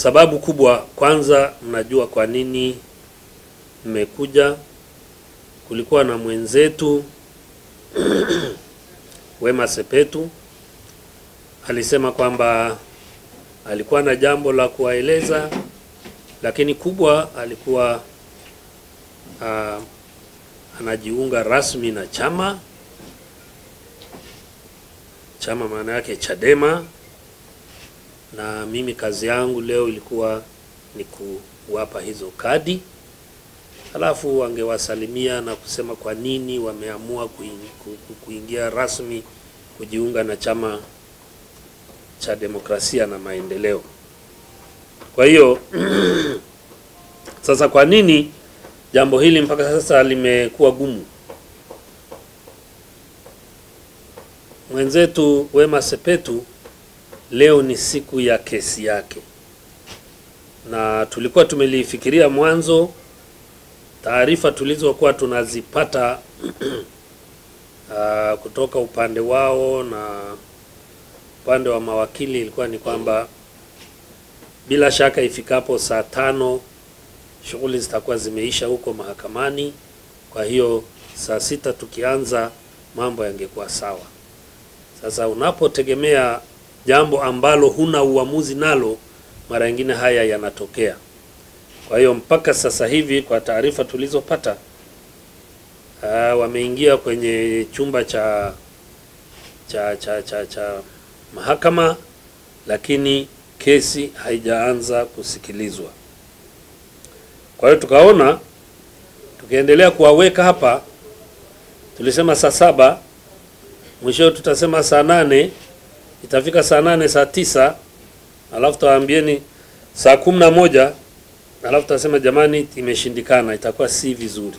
Sababu kubwa kwanza, mnajua kwa nini mmekuja. Kulikuwa na mwenzetu Wema Sepetu alisema kwamba alikuwa na jambo la kuwaeleza, lakini kubwa alikuwa a, anajiunga rasmi na chama chama, maana yake Chadema na mimi kazi yangu leo ilikuwa ni kuwapa hizo kadi, halafu wangewasalimia na kusema kwa nini wameamua kuingia rasmi kujiunga na chama cha demokrasia na maendeleo. Kwa hiyo sasa, kwa nini jambo hili mpaka sasa limekuwa gumu? Mwenzetu Wema Sepetu leo ni siku ya kesi yake, na tulikuwa tumelifikiria mwanzo. Taarifa tulizokuwa tunazipata uh, kutoka upande wao na upande wa mawakili ilikuwa ni kwamba bila shaka ifikapo saa tano shughuli zitakuwa zimeisha huko mahakamani. Kwa hiyo saa sita tukianza mambo yangekuwa sawa. Sasa unapotegemea jambo ambalo huna uamuzi nalo, mara nyingine haya yanatokea. Kwa hiyo mpaka sasa hivi kwa taarifa tulizopata, uh, wameingia kwenye chumba cha cha cha cha cha mahakama, lakini kesi haijaanza kusikilizwa. Kwa hiyo tukaona tukiendelea kuwaweka hapa, tulisema saa saba, mwisho tutasema saa nane itafika saa nane saa tisa alafu tawaambieni saa kumi na moja alafu tasema jamani, imeshindikana, itakuwa si vizuri.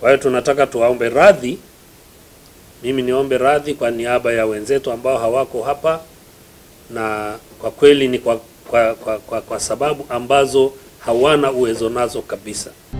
Kwa hiyo tunataka tuwaombe radhi, mimi niombe radhi kwa niaba ya wenzetu ambao hawako hapa, na kwa kweli ni kwa, kwa, kwa, kwa, kwa sababu ambazo hawana uwezo nazo kabisa.